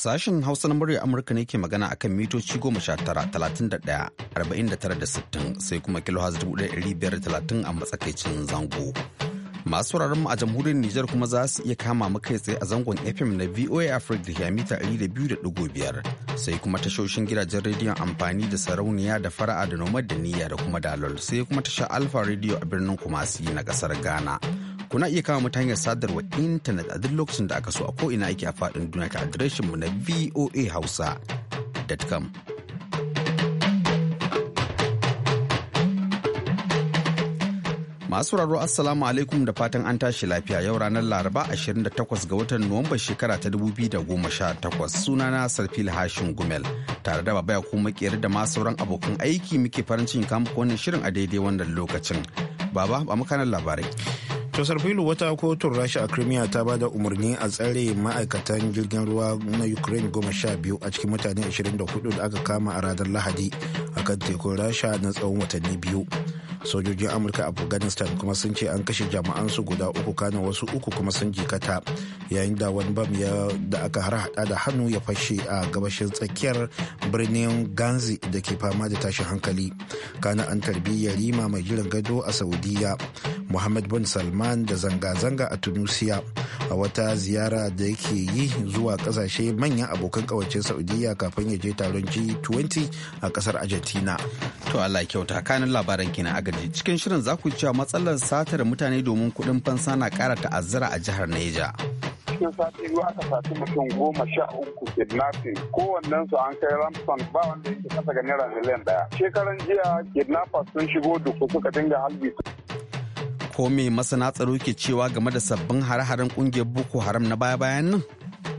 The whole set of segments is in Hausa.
Sashen Hausa na murya Amurka ne ke magana a kan mitoci goma sha tara talatin da ɗaya arba'in da tara da sittin sai kuma kilohaz dubu ɗaya ɗari biyar talatin a matsakaicin zango. Masu mu a jamhuriyar Nijar kuma za su iya kama mu kai tsaye a zangon FM na VOA Africa da ke mita ɗari da biyu da ɗigo biyar sai kuma tashoshin gidajen rediyon amfani da sarauniya da fara'a da nomad da niyya da kuma dalol sai kuma tasha Alfa Radio a birnin Kumasi na ƙasar Ghana. kuna iya kama mu ta sadarwa intanet a duk lokacin da aka so a ko'ina ake a faɗin duniya ta adireshin mu na voahausa.com. Masu raro Assalamu alaikum da fatan an tashi lafiya yau ranar Laraba 28 ga watan Nuwamba shekara ta 2018 sunana Sarfil Hashin Gumel tare da babaya kuma makera da ma sauran abokan aiki muke farin cikin kamfanin shirin a daidai wannan lokacin. Baba ba makanan labarai. Tosar filu wata kotun rasha a Crimea ta bada umarni a tsare ma'aikatan jirgin ruwa na Ukraine goma sha biyu a cikin mutane 24 da aka kama a ranar Lahadi a kan tekun rasha na tsawon watanni biyu. Sojojin Amurka a Afghanistan kuma sun ce an kashe jama'ansu guda uku kana wasu uku kuma sun jikata yayin da wani bam da aka harhaɗa da hannu ya fashe a gabashin tsakiyar birnin Ganzi da ke fama da tashin hankali. Kana an tarbi yarima mai jiran gado a Saudiya Mohammed bin Salman da zanga-zanga a Tunisia a wata ziyara da yake yi zuwa kasashe manyan abokan kawancin Saudiyya kafin ya je taron G20 a kasar Argentina. To Allah kyauta kanin labaran kina a cikin shirin za ku cewa matsalar satar mutane domin kuɗin fansa na ƙara ta'azzara a jihar Neja. cikin sati biyu aka sati mutum goma sha uku kidnapping kowannen su an kai Ramson, ba wanda yake kasa ga naira miliyan daya shekaran jiya kidnappers sun shigo duku suka dinga halbi ko me masana tsaro ke cewa game da sabbin har haren kungiyar boko haram na baya-bayan nan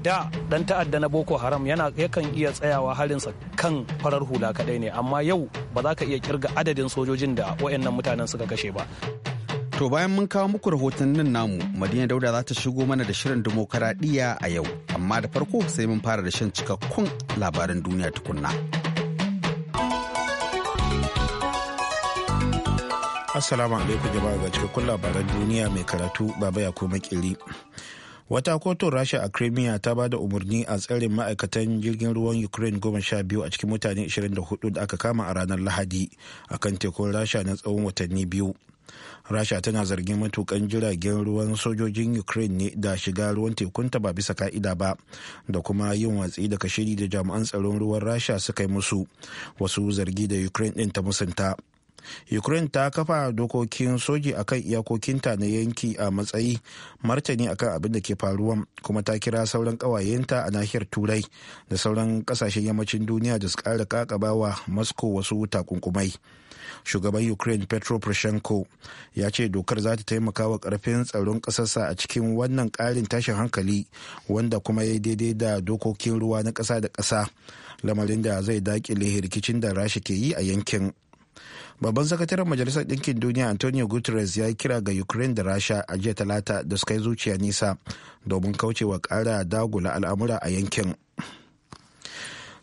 da dan ta'adda na boko haram yana yakan iya tsayawa harinsa kan farar hula kadai ne amma yau ba za ka iya kirga adadin sojojin da wayannan mutanen suka kashe ba to bayan mun kawo muku rahotannin namu madina dauda za ta shigo mana da shirin dimokuraɗiyya a yau amma da farko sai mun fara da shan cikakkun labaran duniya tukunna. Assalamu alaikum jama'a ga cikakkun labaran duniya mai karatu baba ya koma kiri. Wata kotun Rasha a Crimea ta ba da umarni a tsarin ma'aikatan jirgin ruwan Ukraine goma sha biyu a cikin mutane 24 da aka kama a ranar Lahadi a kan tekun Rasha na tsawon watanni biyu. Rasha tana zargin matukan jiragen ruwan sojojin Ukraine ne da shiga ruwan tekunta ba bisa ka'ida ba da kuma yin watsi da kashiri da jami'an tsaron ruwan Rasha suka yi musu wasu zargi da Ukraine ɗin ta musanta. ukraine ta kafa dokokin soji akan iyakokinta na yanki a matsayi martani akan abin da ke faruwa kuma ta kira sauran kawayenta a nahiyar turai da sauran kasashen yammacin duniya da su kara wa moscow wasu takunkumai shugaban ukraine petro poroshenko ya ce dokar za ta taimaka wa karfin tsaron kasarsa a cikin wannan karin tashin hankali wanda kuma ya daidai da dokokin ruwa na kasa da kasa lamarin da zai dakile rikicin da rasha ke yi a yankin babban sakataren majalisar ɗinkin duniya antonio guterres ya yi kira ga ukraine da rasha a jiya talata da suka yi zuciya nisa domin kaucewa kara dagula al'amura a yankin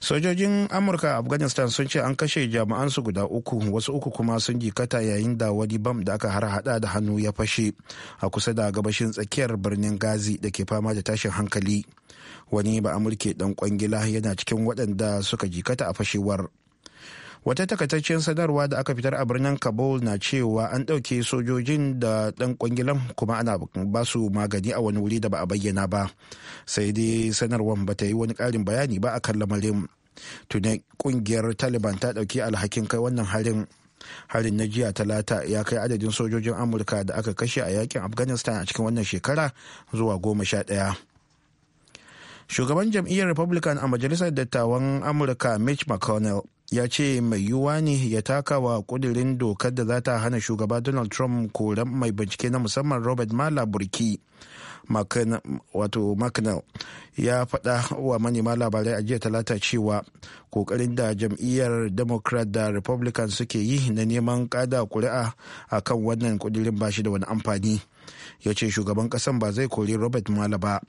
sojojin amurka a afghanistan sun ce an kashe jami'ansu guda uku wasu uku kuma sun jikata yayin da wani bam da aka har da hannu ya fashe a kusa da gabashin tsakiyar birnin gazi da ke fama da tashin hankali wani ba amurke dan kwangila yana cikin waɗanda suka jikata a fashewar wata takaitaccen sanarwa da aka fitar a birnin kabul na cewa an ɗauke sojojin da dan kwangilan kuma ana basu magani a wani wuri da ba a bayyana ba sai dai sanarwar ba ta yi wani karin bayani ba a kan lamarin tunai ƙungiyar taliban ta ɗauki alhakin kai wannan harin harin na jiya talata ya kai adadin sojojin amurka da aka kashe a yakin afghanistan a cikin wannan shekara zuwa goma sha ɗaya shugaban jam'iyyar republican a majalisar dattawan amurka mitch mcconnell ya ce mai yiwuwa ne ya taka wa kudirin dokar da za ta hana shugaba donald trump koren mai bincike na musamman robert mala burki wato mcnell ya faɗa wa manema labarai a jiya talata cewa kokarin da jam'iyyar democrat da republican suke yi na neman kada kuri'a a kan wannan kudirin bashi da wani amfani ya ce shugaban ƙasan ba zai kori robert mala ba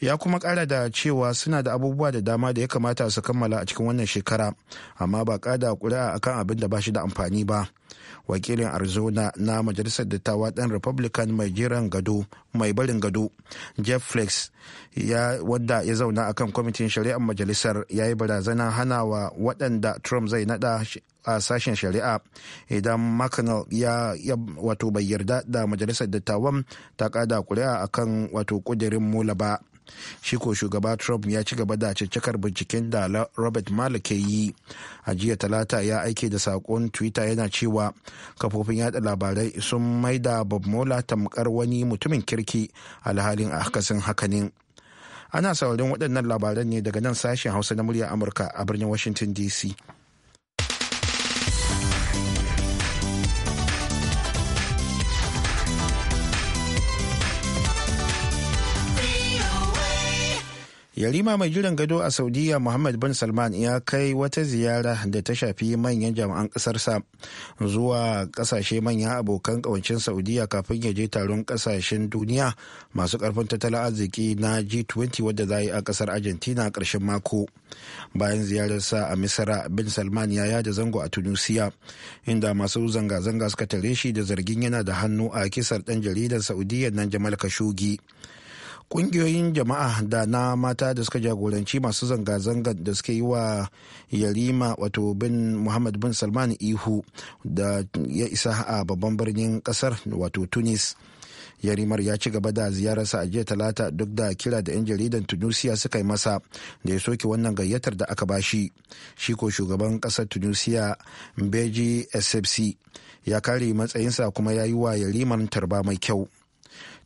ya kuma kara da cewa suna da abubuwa da dama da ya kamata su kammala a cikin wannan shekara amma ba kada kuri'a akan abin da ba shi da amfani ba wakilin arizona na majalisar dattawa ɗan republican mai jiran gado mai barin gado jeff flex ya wadda ya zauna akan kwamitin shari'ar majalisar ya yi barazana hana wa waɗanda trump zai nada a sashen shari'a idan mcconnell ya, wato bai yarda da majalisar dattawan ta kada kuri'a akan wato kudirin mula ba shi ko shugaba trump ya ci gaba da caccakar binciken da robert mala ke yi a jiya talata ya aike da sakon twitter yana cewa kafofin yada labarai sun maida bob mola tamkar wani mutumin kirki alhalin a akasin hakanin ana saurin waɗannan labaran ne daga nan sashen hausa na murya amurka a birnin washington dc jarima mai jiran gado a saudiya muhammad bin salman ya kai wata ziyara da ta shafi manyan jami'an ƙasarsa zuwa ƙasashe manyan abokan ƙawancin saudiya kafin ya je taron ƙasashen duniya masu ƙarfin tattalin arziki na g20 wadda za yi a ƙasar argentina ƙarshen mako bayan ziyararsa a misira bin salman ya yada zango a tunisia inda masu zanga-zanga suka tare shi da zargin yana da hannu a kisar ɗan jaridar saudiya nan jamal khashoggi kungiyoyin jama'a da na mata da suka jagoranci masu zanga-zangar da suke yi wa yarima wato bin muhammad bin salman ihu da ya isa a babban birnin kasar wato tunis yarimar ya ci gaba da ziyararsa a jiya talata duk da kira da 'yan jaridan tunisia suka yi masa da ya soke wannan gayyatar da aka bashi shi ko shugaban kasar tunisia beji sfc ya kare matsayinsa kuma ya yi wa yarimar tarba mai kyau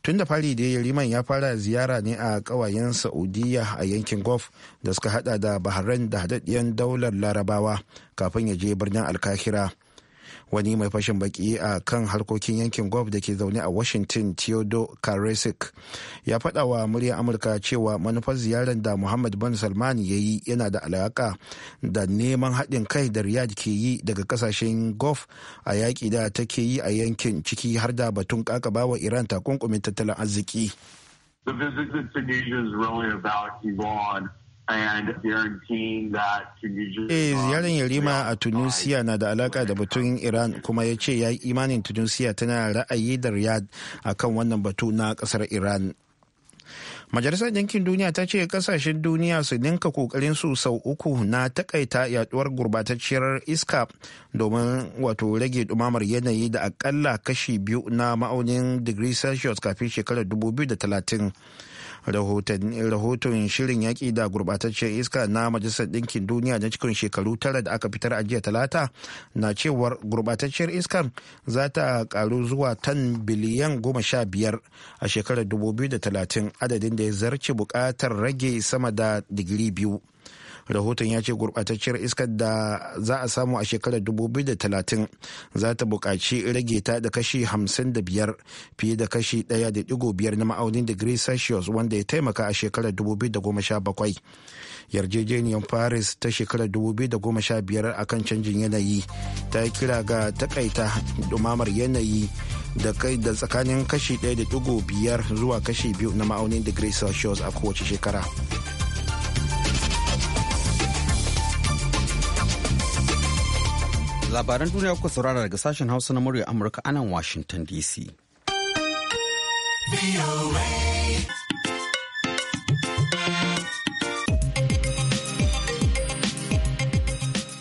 tun da fari da liman ya fara ziyara ne a kawayen saudiya a yankin gulf da suka hada da bahrain da haɗaɗɗiyar daular larabawa kafin ya je birnin alkahira wani mai fashin baki a kan harkokin yankin gov da ke zaune a washington theodore karesik ya faɗa wa muryar amurka cewa manufar ziyarar da muhammad bin salman ya yi yana da alaƙa da neman haɗin kai da riyad ke yi daga ƙasashen gov a yaƙi da take yi a yankin ciki har da batun ƙaƙabawa iran takunkumin tattalin arziki Eh ziyarar Yarima a Tunisia na da alaka da batun Iran kuma ya ce ya yi imanin Tunisia tana ra'ayi da a kan wannan batu na kasar Iran. Majalisar yankin Duniya ta ce kasashen duniya su ninka kokarin su sau uku na takaita yaduwar gurbatacciyar iska domin wato rage dumamar yanayi da akalla kashi biyu na ma'aunin digiri Celsius kafin shekarar 2030. rahoton shirin yaƙi da gurɓataccen iska na majalisar ɗinkin duniya na cikin shekaru tara da aka fitar a jiya talata na cewar gurɓatacciyar iskar za ta ƙaru zuwa tan biliyan goma sha biyar a shekarar dubu biyu da talatin adadin da ya zarce buƙatar rage sama da digiri biyu. rahoton ya ce gurɓatacciyar iskar da za a samu a shekarar 2030 za ta buƙaci rage ta da kashi 55 fiye da kashi 1.5 na ma'aunin digiri celsius wanda ya taimaka a shekarar 2017 yarjejeniyar paris ta shekarar 2015 a kan canjin yanayi ta kira ga takaita dumamar yanayi da kai da tsakanin kashi 1.5 zuwa kashi 2 na ma'aunin digiri celsius a kowace shekara. Labaran duniya kuka saurara daga sashen Hausa na murya Amurka anan Washington DC.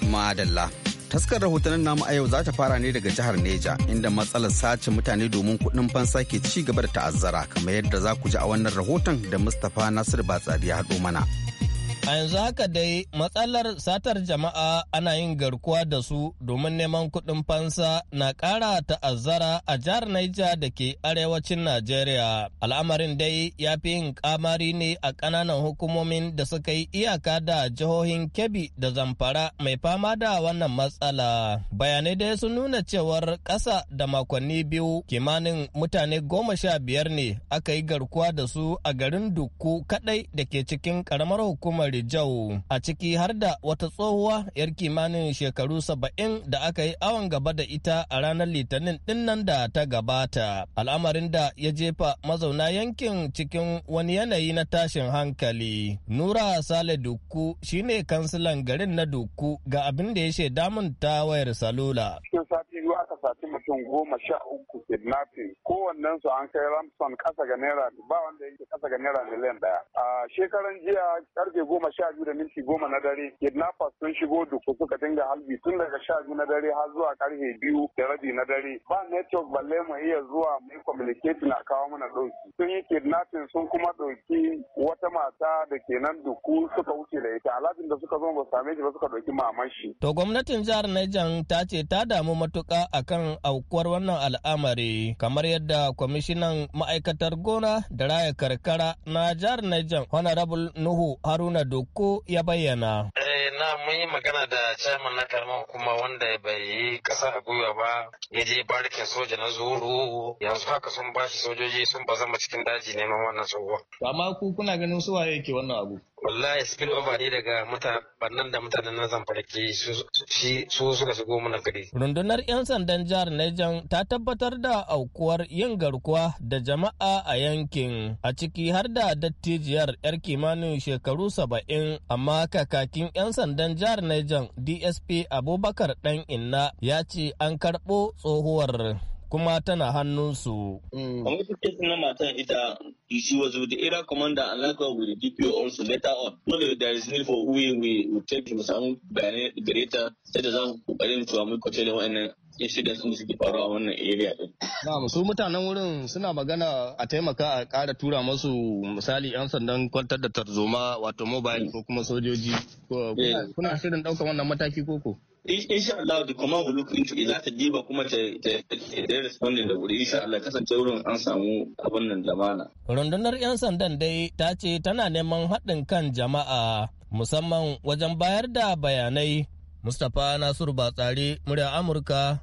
Madalla. Taskar rahotannin namu a yau za ta fara ne daga jihar Neja inda matsalar sace mutane domin kuɗin fansa ke ci gaba da ta'azzara kamar yadda za ku ji a wannan rahoton da Mustapha Nasir Batsari ya haɗo mana. A yanzu haka dai matsalar satar jama'a ana yin garkuwa da su domin neman kuɗin fansa na ƙara ta'azzara a jihar Naija da ke arewacin Najeriya. Al'amarin dai ya fi yin ƙamari ne a ƙananan hukumomin da suka yi iyaka da jihohin Kebbi da Zamfara mai fama da wannan matsala. Bayanai dai su nuna cewar ƙasa da makonni biyu kimanin mutane goma sha biyar ne aka yi garkuwa da su a garin duku kaɗai da ke cikin ƙaramar hukumar jau a ciki har da wata tsohuwa yar kimanin shekaru saba'in da aka yi awon gaba da ita a ranar litinin dinnan da ta gabata. Al'amarin da ya jefa mazauna yankin cikin wani yanayi na tashin hankali. Nura Sale Dukku shine kansilan garin na Dukku ga abin da ya shaida mun ta wayar salula. biyu aka saci mutum goma sha uku kidnapping kowannen su an kai ramson kasa ga naira ba wanda yake kasa ga naira miliyan daya a shekaran jiya karfe goma sha biyu da minti goma na dare kidnappers sun shigo duku suka dinga halbi tun daga sha biyu na dare har zuwa karfe biyu da rabi na dare ba network balle mu iya zuwa mu yi communicating a kawo mana ɗauki sun yi kidnapping sun kuma ɗauki wata mata da ke nan duku suka wuce da ita alhajin da suka zo ba same shi ba suka ɗauki maman shi. to gwamnatin jihar Niger ta ce ta damu matuƙa akan aukuwar wannan al'amari kamar yadda kwamishinan ma'aikatar gona da raya karkara na jihar Niger Honorable Nuhu Haruna Doko ya bayyana. Eh, na mun yi magana da chairman na karamar hukuma wanda bai yi kasa a gwiwa ba ya je barikin soja na zuru yanzu haka sun bashi sojoji sun ba zama cikin daji neman wannan tsohuwa. amma ku kuna ganin suwa waye ke wannan abu. wallahi spill over ne daga mutanen da mutanen na zamfara ke su suka shigo mana gari. rundunar 'yan sandan jihar Niger ta tabbatar da aukuwar yin garkuwa da jama'a a yankin a ciki har da dattijiyar 'yar kimanin shekaru saba'in amma kakakin 'yan sandan jihar Niger DSP Abubakar ɗan inna ya ce an karɓo tsohuwar kuma tana hannunsu. Mm. Kamar su kesi na matan ita, she was with the area commander and likewise with the DPO also later on. No, there is need for we we take him some bayanai da gareta sai da za mu kokarin tuwa mun kwace da wa'annan incidents da suke faruwa wannan area din. Na'am su mutanen wurin suna magana a taimaka a ƙara tura masu misali 'yan sandan kwantar da tarzoma wato mobile ko kuma sojoji. Eh. Kuna shirin ɗaukar wannan mataki koko? insha Allah da kuma hulu look into za ta diba kuma ta ta responding da wuri insha Allah kasance wurin an samu abin nan mana. rundunar yan sandan dai ta ce tana neman haɗin kan jama'a musamman wajen bayar da bayanai Mustapha Nasiru Batsari murya Amurka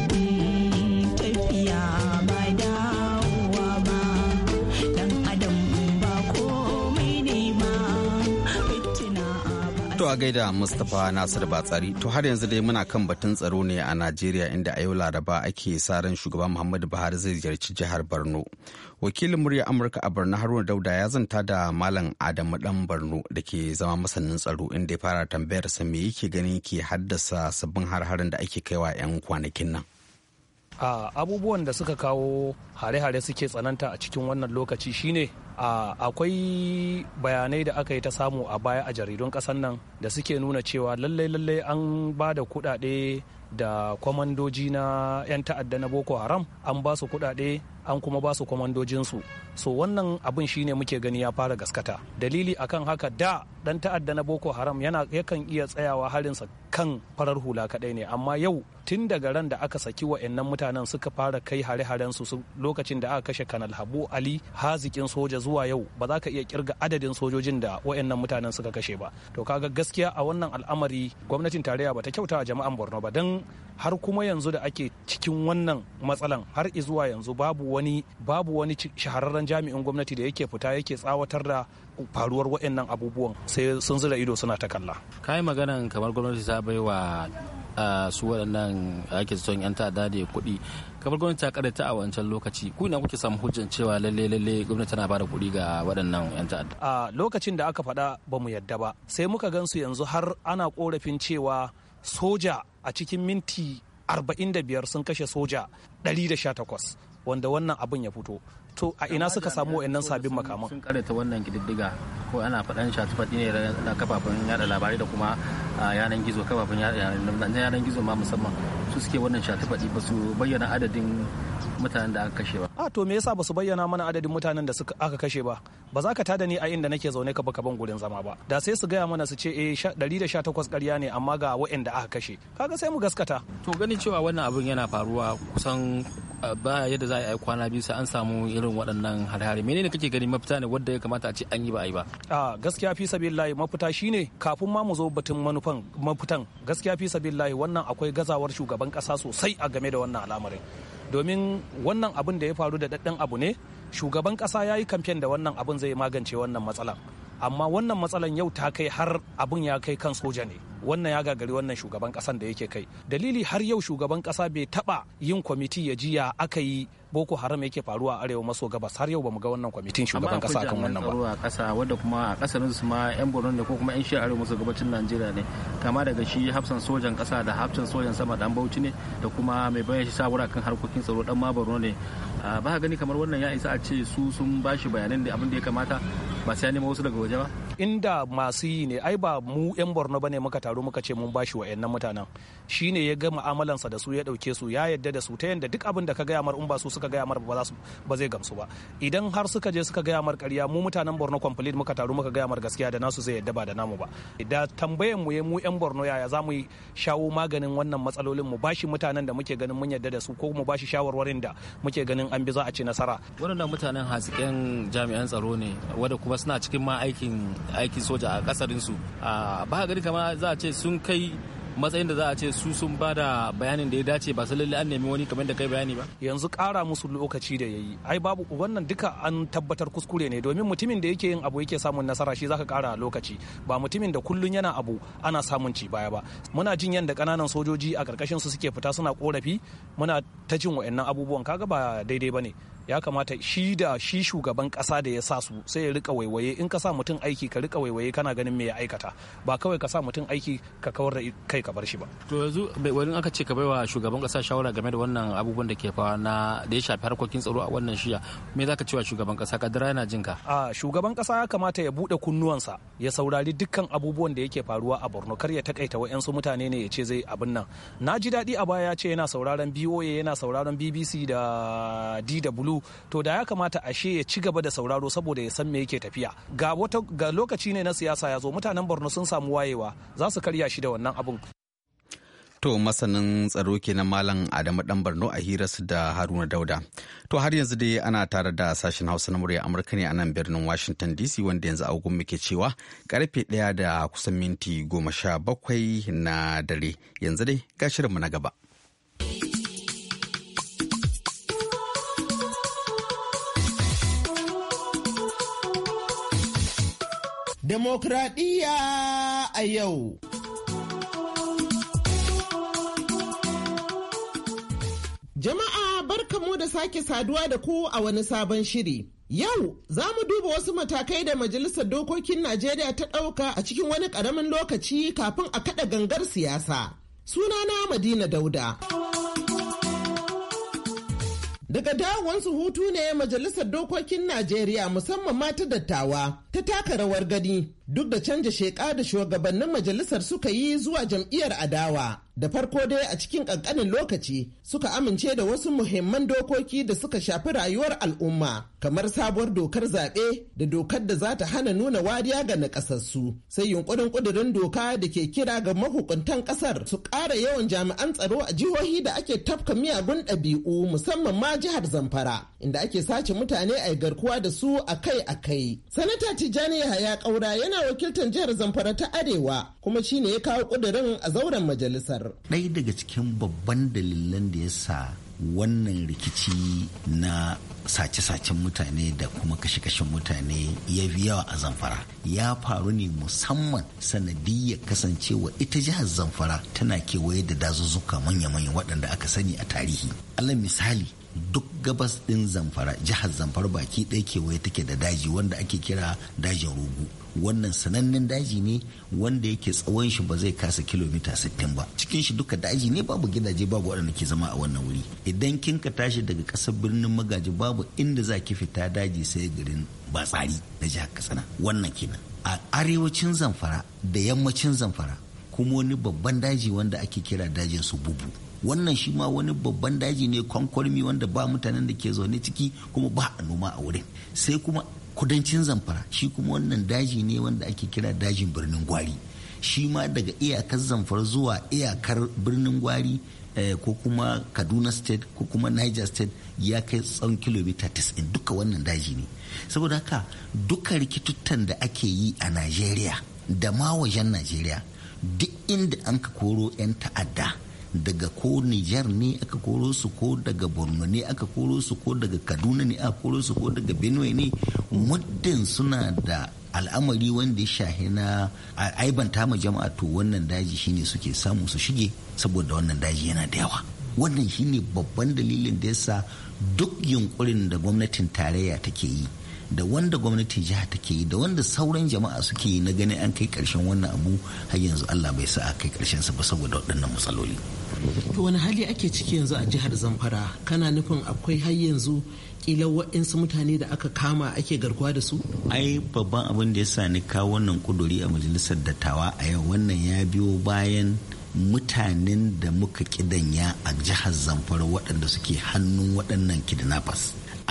To a gaida Mustapha Nasir Batsari, to har yanzu dai muna kan batun tsaro ne a Najeriya inda a yau Laraba ake sa ran shugaban Muhammadu Buhari zai ziyarci jihar Borno. Wakilin murya Amurka a Borno Haruna Dauda ya zanta da Malam Adamu Dan Borno da ke zama masanin tsaro inda ya fara tambayar sa me yake ganin ke haddasa sabbin har-harin da ake kaiwa 'yan kwanakin nan. abubuwan da suka kawo hare-hare suke tsananta a cikin wannan lokaci shine akwai bayanai da aka yi ta samu a baya a jaridun ƙasar nan da suke nuna cewa lallai lallai an ba da kuɗaɗe da kwamandoji na 'yan ta'adda na boko haram an ba su kuɗaɗe an kuma ba su kwamandojinsu so wannan abin shine muke gani ya fara gaskata dalili akan haka da ɗan ta'adda na boko haram yana yakan iya tsayawa harinsa kan farar hula kaɗai ne amma yau tun daga ran da aka saki wa'annan mutanen suka fara kai hare-harensu lokacin da aka kashe kanal habu ali hazikin soja zuwa zuwa yau ba za ka iya kirga adadin sojojin da wayannan mutanen suka kashe ba to kaga gaskiya a wannan al'amari gwamnatin tarayya ba ta kyauta a jama'an borno ba don har kuma yanzu da ake cikin wannan matsalan har zuwa yanzu babu wani babu wani shahararren jami'in gwamnati da yake fita yake tsawatar da faruwar wayannan abubuwan sai sun zira ido suna ta kalla kai maganan kamar gwamnati ta baiwa a su waɗannan ake son 'yan ta'adda da kuɗi kamar gwamnati ta karanta a wancan lokaci ku ina kuke samu hujjan cewa lalle lalle gwamnati tana bada kuɗi ga waɗannan 'yan ta'adda a lokacin da aka faɗa ba mu yadda ba sai muka gansu yanzu har ana korafin cewa soja a cikin minti 45 sun kashe soja 118 wanda wannan abin ya fito to a ina suka samu wa'annan sabbin makaman sun karanta wannan gididdiga ko ana faɗan shafi faɗi ne na kafafen yada labarai da kuma yanan gizo kafafen yanan gizo ma musamman su suke wannan shafi faɗi ba su bayyana adadin mutanen da aka kashe ba a to me yasa ba su bayyana mana adadin mutanen da suka aka kashe ba ba za ka tada ni a inda nake zaune ka baka ban gurin zama ba da sai su gaya mana su ce eh 118 ƙarya ne amma ga wa'anda aka kashe kaga sai mu gaskata to ganin cewa wannan abin yana faruwa kusan ba yadda za a yi kwana biyu sai an samu irin waɗannan mene menene kake gani mafita ne wadda ya kamata a ce an yi ba a yi ba a gaskiya fi sabilillahi mafita shine kafin ma mu zo batun manufan mafitan gaskiya fi sabilillahi wannan akwai gazawar shugaban kasa sosai a game da wannan al'amarin domin wannan abin da ya faru da daddan abu ne shugaban kasa ya yi kamfen da wannan abin zai magance wannan matsalan amma wannan matsalan yau ta kai har abin ya kai kan soja ne wannan ya gagari wannan shugaban kasan da yake kai dalili har yau shugaban kasa bai taba yin kwamiti ya jiya aka yi boko haram yake faruwa a arewa maso gabas har yau bamu ga wannan kwamitin shugaban kasa akan wannan ba a kasa wanda kuma a kasarin su ma yan Burundi ko kuma yan shi arewa maso gabacin Najeriya ne kama daga shi hafsan sojan kasa da hafsan sojan sama dan Bauchi ne da kuma mai bayan shi sabura kan harkokin tsaro dan ma ne ah, ba gani kamar wannan ya isa a ce su sun bashi bayanan da abin da ya kamata ba sai nemo wasu daga waje ba inda masu yi ne ai ba mu yan borno bane muka taru muka ce mun bashi yan mutanen shine ya ga mu'amalansa da su ya dauke su ya yadda da su ta yadda duk abin da ka gaya mar in ba su suka gaya mar ba za su ba zai gamsu ba idan har suka je suka gaya mar ƙarya mu mutanen borno complete muka taru muka gaya mar gaskiya da nasu zai yadda ba da namu ba da tambayan mu ya mu yan borno yaya za mu shawo maganin wannan matsalolin mu bashi mutanen da muke ganin mun yadda da su ko mu bashi shawarwarin da muke ganin an bi za a ci nasara waɗannan mutanen hasken jami'an tsaro ne wanda kuma kuma suna cikin ma aikin aikin soja a kasarinsu ba gari kama za a ce sun kai matsayin da za a ce su sun ba da bayanin da ya dace ba su lalle an nemi wani kamar da kai bayani ba yanzu kara musu lokaci da yayi ai babu wannan duka an tabbatar kuskure ne domin mutumin da yake yin abu yake samun nasara shi zaka kara lokaci ba mutumin da kullun yana abu ana samun ci baya ba muna jin yanda kananan sojoji a karkashin su suke fita suna korafi muna ta jin wayannan abubuwan kaga ba daidai bane ya kamata shi da shi shugaban kasa da ya sa su sai ya rika waiwaye in ka sa mutum aiki ka rika waiwaye kana ganin me ya aikata ba kawai ka sa mutum aiki ka kawar da kai ka bar shi ba to yanzu wani aka ce ka baiwa shugaban kasa shawara game da wannan abubuwan da ke fawa na da ya shafi harkokin tsaro a wannan shiya me zaka cewa shugaban kasa kadara yana jin ka a shugaban kasa ya kamata ya bude kunnuwansa ya saurari dukkan abubuwan da yake faruwa a Borno kar ya takaita wayansu mutane ne ya ce zai abin nan na ji daɗi a baya ya ce yana sauraron BOA yana sauraron BBC da DW kalu to da ya kamata ashe ya ci gaba da sauraro saboda ya san me yake tafiya ga wata ga lokaci ne na siyasa ya zo mutanen Borno sun samu wayewa za su karya shi da wannan abun To masanin tsaro kenan Malam Adamu Dan Borno a hirarsu da Haruna Dauda. To har yanzu dai ana tare da sashen Hausa na murya Amurka ne a nan birnin Washington DC wanda yanzu agun muke cewa karfe ɗaya da kusan minti goma sha bakwai na dare. Yanzu dai ga shirinmu na gaba. Demokradiyya a yau. Jama'a barkamu da sake saduwa da ku a wani sabon shiri. Yau za mu duba wasu matakai da Majalisar Dokokin Najeriya ta ɗauka a cikin wani ƙaramin lokaci kafin a kaɗa gangar siyasa. Sunana Madina Dauda. Daga su hutu ne Majalisar Dokokin Najeriya musamman mata dattawa ta taka rawar gani duk da canja sheƙa da shugabannin majalisar suka yi zuwa jam'iyyar adawa. da farko dai a cikin ƙanƙanin lokaci suka amince da wasu muhimman dokoki da suka shafi rayuwar al'umma kamar sabuwar dokar zaɓe da dokar da za ta hana nuna wariya ga nakasassu sai yunkurin ƙudurin doka da ke kira ga mahukuntan ƙasar su ƙara yawan jami'an tsaro a jihohi da ake tafka miyagun ɗabi'u musamman ma jihar zamfara inda ake sace mutane a garkuwa da su akai-akai sanata tijjani yahaya ƙaura yana wakiltar jihar zamfara ta arewa kuma shine ya kawo ƙudurin a zauren majalisar kamar ɗaya daga cikin babban dalilan da ya sa wannan rikici na sace-sacen mutane da kuma kashe-kashen mutane ya fi yawa a zamfara ya faru ne musamman sanadiyar kasancewa ita jihar zamfara tana kewaye da dazuzzuka manya-manya waɗanda aka sani a tarihi alal misali duk gabas ɗin zamfara jihar zamfara baki ɗaya kewaye take da daji wanda ake kira dajin rugu wannan sanannen daji ne wanda yake tsawon shi ba zai kasa kilomita 60 ba cikin shi duka daji ne babu gidaje babu waɗanda ke zama a wannan wuri idan kin ka tashi daga ƙasar birnin magaji babu inda za ki fita daji sai garin batsari na jihar katsina wannan kenan a arewacin zamfara da yammacin zamfara kuma wani babban daji wanda ake kira dajin su bubu wannan shi ma wani babban daji ne kwankwarmi wanda ba mutanen da ke zaune ciki kuma ba a noma a wurin sai kuma kudancin zamfara shi kuma wannan daji ne wanda ake kira dajin birnin gwari shi ma daga iyakar zamfara zuwa iyakar birnin gwari eh, ko kuma kaduna state ko kuma niger state ya kai tsawon kilomita 90 duka wannan daji ne saboda haka duka rikituttan da ake yi a najeriya da ma wajen najeriya duk inda an ka koro 'yan ta'adda daga ko Nijar ne aka koro su ko daga Borno ne aka koro su ko daga Kaduna ne aka koro su ko daga Benue ne muddin suna da al'amari wanda ya shahi na aibanta ma jama'a to wannan daji shine suke samu su shige saboda wannan daji yana da yawa wannan shine babban dalilin da yasa duk yunkurin da gwamnatin tarayya take yi da wanda gwamnati jiha take yi da wanda sauran jama'a suke yi na ganin an kai karshen wannan abu har yanzu Allah bai sa a kai karshen sa ba saboda waɗannan matsaloli to wani hali ake ciki yanzu a jihar Zamfara kana nufin akwai har yanzu kila waɗansu mutane da aka kama ake garkuwa da su ai babban abin da ya sa ni kawo wannan kuduri a majalisar dattawa a yau wannan ya biyo bayan mutanen da muka kidanya a jihar zamfara waɗanda suke hannun waɗannan kidnappers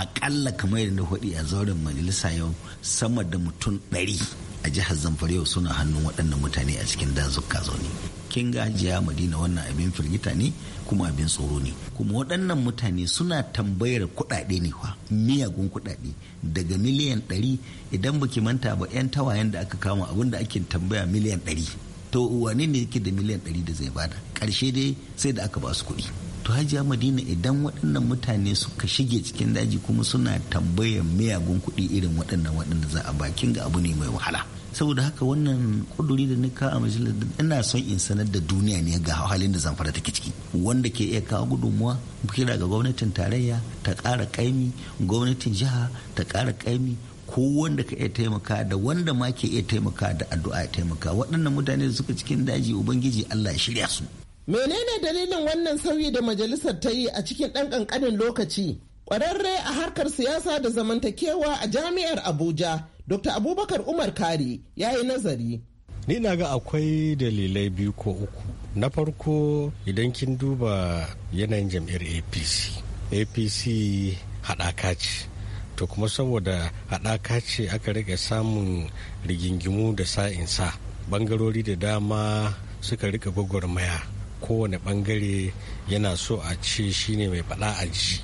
akalla kamar yadda hudu a zauren majalisa yau sama da mutum ɗari a jihar zamfara yau suna hannun waɗannan mutane a cikin dazuka zaune kin gajiya madina wannan abin firgita ne kuma abin tsoro ne kuma waɗannan mutane suna tambayar kuɗaɗe ne fa miyagun kuɗaɗe daga miliyan ɗari idan baki manta ba 'yan tawayen da aka kama abin da ake tambaya miliyan ɗari to wane ne yake da miliyan ɗari da zai bada ƙarshe dai sai da aka ba su kuɗi to hajiya madina idan waɗannan mutane suka shige cikin daji kuma suna tambayar miyagun kuɗi irin waɗannan waɗanda za a bakin ga abu ne mai wahala saboda haka wannan kuduri da nika a majalar ina son in sanar da duniya ne ga halin da zamfara take ciki wanda ke iya kawo gudunmuwa kira ga gwamnatin tarayya ta ƙara ƙaimi gwamnatin jiha ta ƙara ƙaimi ko wanda ka iya taimaka da wanda ma ke iya taimaka da addu'a taimaka waɗannan mutane da suka cikin daji ubangiji Allah ya shirya su Menene dalilin wannan sauyi da majalisar ta yi a cikin ɗan ƙanƙanin lokaci? Ƙwararre a harkar siyasa da zamantakewa a jami'ar Abuja, Dr. Abubakar Umar Kari ya yi nazari. Ni na ga akwai dalilai biyu ko uku. Na farko idan kin duba yanayin jam'iyyar APC. APC haɗaka ce. To kuma saboda haɗaka ce aka rika samun rigingimu da sa'insa. ɓangarori da dama suka rika gwagwarmaya kowane bangare yana so a ce shine mai faɗa a ji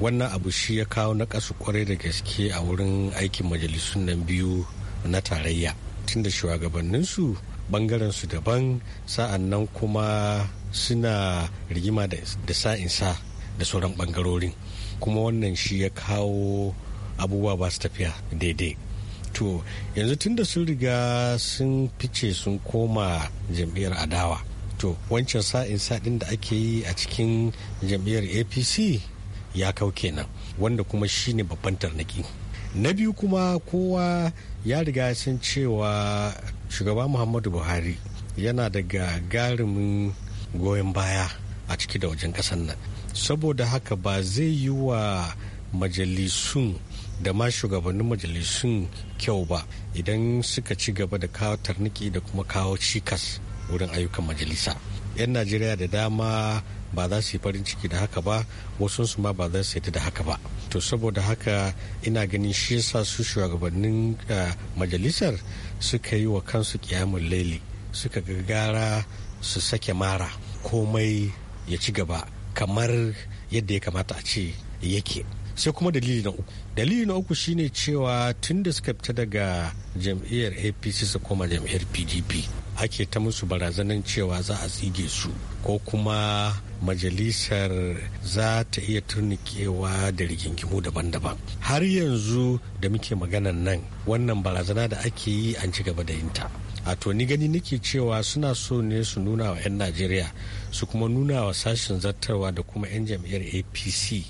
wannan abu shi ya kawo na kasu kwarai da gaske a wurin aikin majalisun nan biyu na tarayya tunda shugabanninsu bangaren su daban sa'an nan kuma suna rigima da sa'insa da sauran bangarorin kuma wannan shi ya kawo abubuwa ba su tafiya daidai to yanzu tunda sun riga sun fice sun koma jam'iyyar adawa to wancan sa'in sa'in da ake yi a cikin jam'iyyar apc ya kau kenan wanda kuma shine babban tarnaki na biyu kuma kowa ya riga sun cewa shugaba muhammadu buhari yana daga garimin goyon baya a ciki da wajen kasan nan saboda haka ba zai yi wa majalisun da ma shugabannin majalisun kyau ba idan suka ci gaba da kawo tarniki da kuma kawo cikas wurin ayyukan majalisa 'yan najeriya da dama ba za su yi farin ciki da haka ba wasu su ma ba za su yi da haka ba to saboda haka ina ganin shi yasa su shugabannin eh, majalisar suka yi wa kansu kiyamun laili suka gagara su sake mara komai ya ci gaba kamar yadda ya kamata a ce yake sai kuma dalili na uku dalili na uku shine cewa tun da suka fita daga jam'iyyar apc su koma jam'iyyar pdp ake ta musu barazanan cewa za a tsige su ko kuma majalisar za ta iya turnikewa da rigingimu daban-daban har yanzu da muke maganan nan wannan barazana da ake yi an ci gaba da yinta a to ni gani nake cewa suna so ne su nuna wa 'yan najeriya su kuma nuna wa sashen zartarwa da kuma 'yan jam'iyyar apc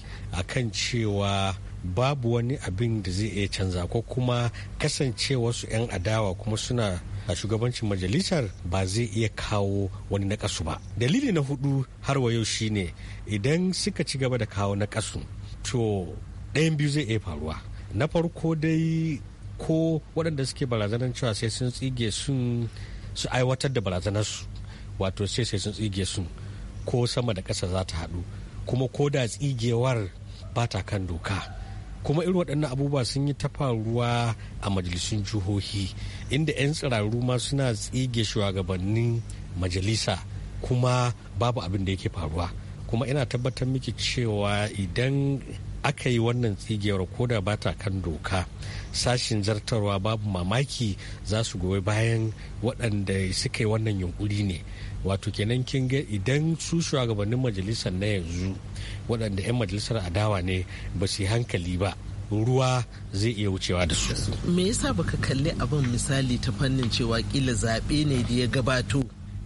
kan cewa babu wani abin da zai iya canza ko kuma kasancewa su 'yan adawa kuma suna a shugabancin majalisar ba zai iya kawo wani nakasu ba dalili na hudu har wa yau shine idan suka ci gaba da kawo nakasu to ɗayan biyu zai iya faruwa na farko dai ko waɗanda suke barazanar cewa sai sun tsige sun su aiwatar da su wato sai sai sun tsige sun ko sama da ƙasa za ta haɗu kuma ko da tsigewar ba ta kan doka kuma irin waɗannan abubuwa sun yi ta faruwa a majalisun jihohi inda 'yan tsiraru ma suna tsige shugabannin majalisa kuma babu abin da yake faruwa kuma ina tabbatar miki cewa idan aka yi wannan tsigewar koda ba ta kan doka sashin zartarwa babu mamaki za su goyi bayan waɗanda suka yi wannan yunkuri ne wato kenan kin ga idan su shugabannin majalisar na yanzu waɗanda 'yan majalisar adawa ne ba su yi hankali ba ruwa zai iya wucewa da su me yasa baka kalli abin misali ta fannin cewa kila zaɓe ne da ya gabato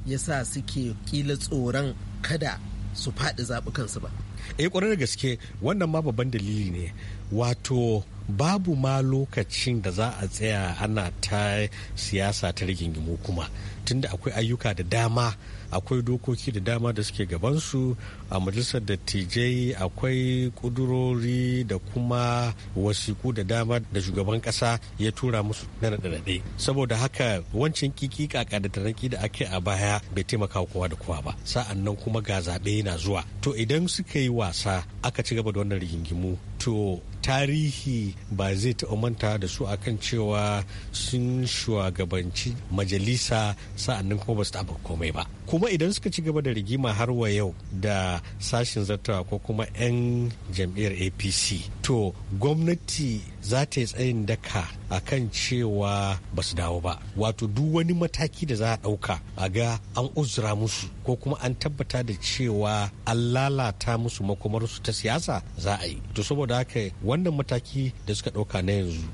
yasa suke kila tsoron kada su faɗi zaɓukansu ba eh kwarar da gaske wannan ma babban dalili ne wato babu ma lokacin da za a tsaya ana ta siyasa ta rigingimu kuma tunda akwai ayyuka da dama akwai dokoki da dama da suke gabansu a majalisar dattijai akwai kudurori da kuma wasiku da dama da shugaban kasa ya tura musu na naɗe saboda haka wancan kiki kaka da taraki da ake a baya bai taimaka kowa da kowa ba sa'an nan kuma ga zaɓe yana zuwa to idan suka yi wasa aka ci gaba da wannan rigingimu to tarihi ba zai taɓa manta da su akan cewa sun shugabanci majalisa sa'annan kuma ba su taɓa komai ba kuma idan suka ci gaba da rigima har wa yau da sashin zartawa ko kuma 'yan jam'iyyar apc to gwamnati za ta yi tsayin daka a kan cewa ba su dawo ba wato duk wani mataki da za a ɗauka a ga an uzura musu ko kuma an tabbata da cewa an lalata musu makomarsu ta siyasa za a yi to saboda haka wannan mataki da suka ɗauka na yanzu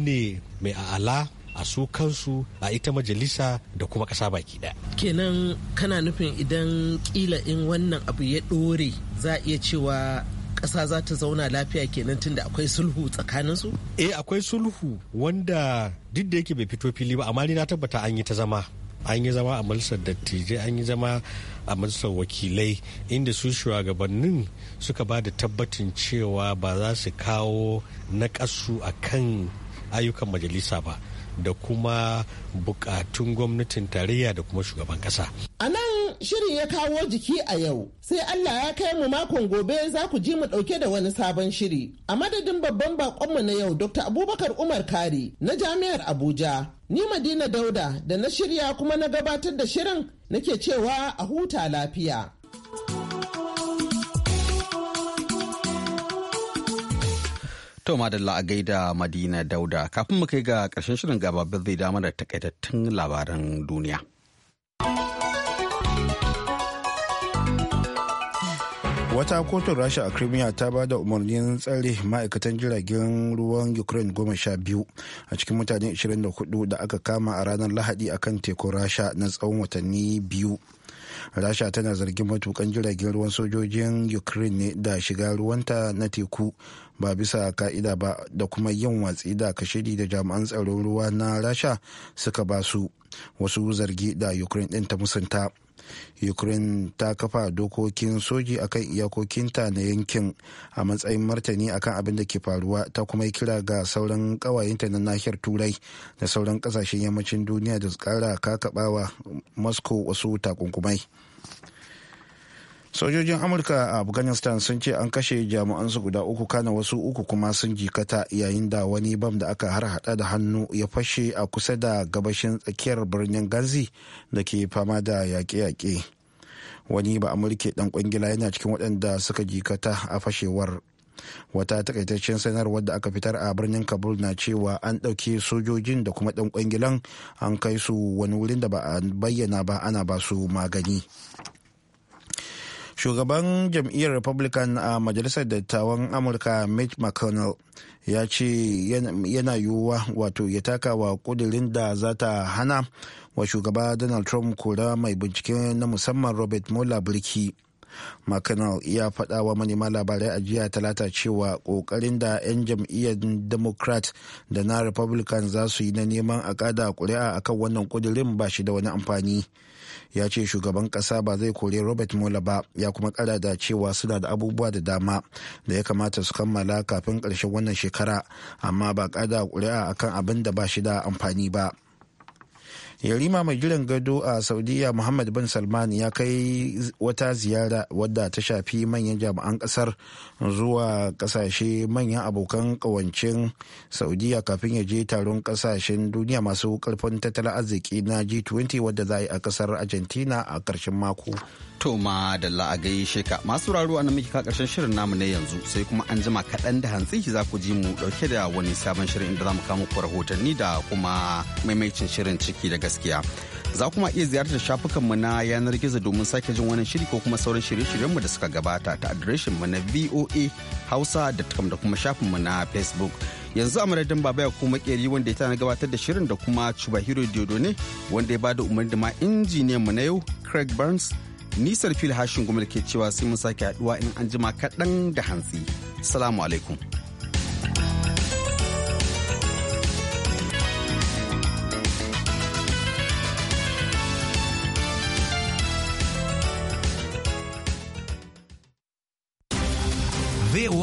ne mai a'ala a su kansu a ita majalisa da kuma ƙasa baki ɗaya. kenan kana nufin idan kila in wannan abu ya ɗore za a iya cewa ƙasa za ta zauna lafiya kenan tunda akwai sulhu tsakaninsu? eh akwai sulhu wanda duk da yake bai fito fili ba amma ni na tabbata an yi ta zama an yi zama a majalisar dattijai an yi zama a majalisar wakilai inda su shugabannin suka ba da tabbacin cewa ba za su kawo naƙasu a kan ayyukan majalisa ba da kuma bukatun gwamnatin tarayya da kuma shugaban kasa. A nan shirin ya kawo jiki a yau sai Allah ya kai mu makon gobe za ku ji mu ɗauke da wani sabon shiri. A madadin babban bakonmu na yau Dr. Abubakar Umar Kari na Jami'ar Abuja. Ni Madina Dauda da na shirya kuma na gabatar da shirin nake cewa a huta lafiya. To madalla a gaida Madina Dauda kafin mu kai ga ƙarshen shirin gaba zai dama da takaitattun labaran duniya. wata kotun rasha a crimea ta ba da umarnin tsare ma'aikatan jiragen ruwan ukraine goma sha biyu a cikin mutane 24 da aka kama a ranar lahadi a kan tekun rasha na tsawon watanni biyu rasha tana zargin matukan jiragen ruwan sojojin ukraine ne da shiga ruwanta na teku ba bisa ka'ida ba da kuma yin watsi da kashedi da jami'an tsaron ruwa na rasha suka ba su wasu zargi da ukraine ɗin ta musanta ukraine ta kafa dokokin soji akan iyakokinta na yankin a matsayin martani akan abin da ke faruwa ta kuma kira ga sauran kawayenta na nahiyar turai da sauran kasashen yammacin duniya da su kara kakabawa moscow wasu takunkumai sojojin amurka a afghanistan sun ce an kashe jami'ansu guda uku kana wasu uku kuma sun jikata yayin da wani bam da aka har hada da hannu ya fashe a kusa da gabashin tsakiyar birnin ganzi da ke fama da yaƙe-yaƙe wani ba amurke dan kwangila yana cikin waɗanda suka jikata a fashewar wata takaitaccen sanarwar da aka fitar a birnin kabul na cewa an ɗauke sojojin da kuma ɗan kwangilan an kai su wani wurin da ba a bayyana ba ana ba su magani shugaban jam'iyyar republican a majalisar dattawan amurka mitch mcconnell ya ce yana yiwuwa wato ya taka wa kudirin da za ta hana wa shugaba donald trump kura mai bincike na musamman robert mueller birki mcconnell ya faɗa wa manema labarai a jiya talata cewa ƙoƙarin da 'yan jam'iyyar democrat da na republican za su yi na neman a ƙada ƙuri'a kan wannan ƙudurin ba shi da wani amfani ya ce shugaban ƙasa ba zai kore robert mueller ba ya kuma ƙara da cewa suna da abubuwa da dama da ya kamata su kammala kafin ƙarshen wannan shekara amma ba ƙada ƙuri'a akan abin da ba shi da amfani ba yarima mai jiran gado a saudiya muhammad bin salman ya kai wata ziyara wadda ta shafi manyan jami'an kasar zuwa kasashe manyan abokan kawancin saudiya kafin ya je taron kasashen duniya masu karfin tattalin arziki na g20 wadda za a yi a kasar argentina a karshen mako to ma da la'agai sheka masu raro na miki karshen shirin namu na yanzu sai kuma an jima kaɗan da hantsi za ku ji mu dauke da wani sabon shirin inda za mu kama rahotanni da kuma maimaicin shirin ciki daga gaskiya. Za kuma iya ziyartar shafukanmu na yanar gizo domin sake jin wani shiri ko kuma sauran shirye-shiryenmu da suka gabata ta adireshin mu na VOA Hausa da da kuma shafinmu na Facebook. Yanzu a madadin baba ya kuma keri wanda ya tana gabatar da shirin da kuma Chubahiro Diodo ne wanda ya bada umarni da ma injiniyan mu na yau Craig Burns nisar fil hashin gwamnati ke cewa sai mun sake haduwa in an jima kaɗan da hantsi. Salamu alaikum.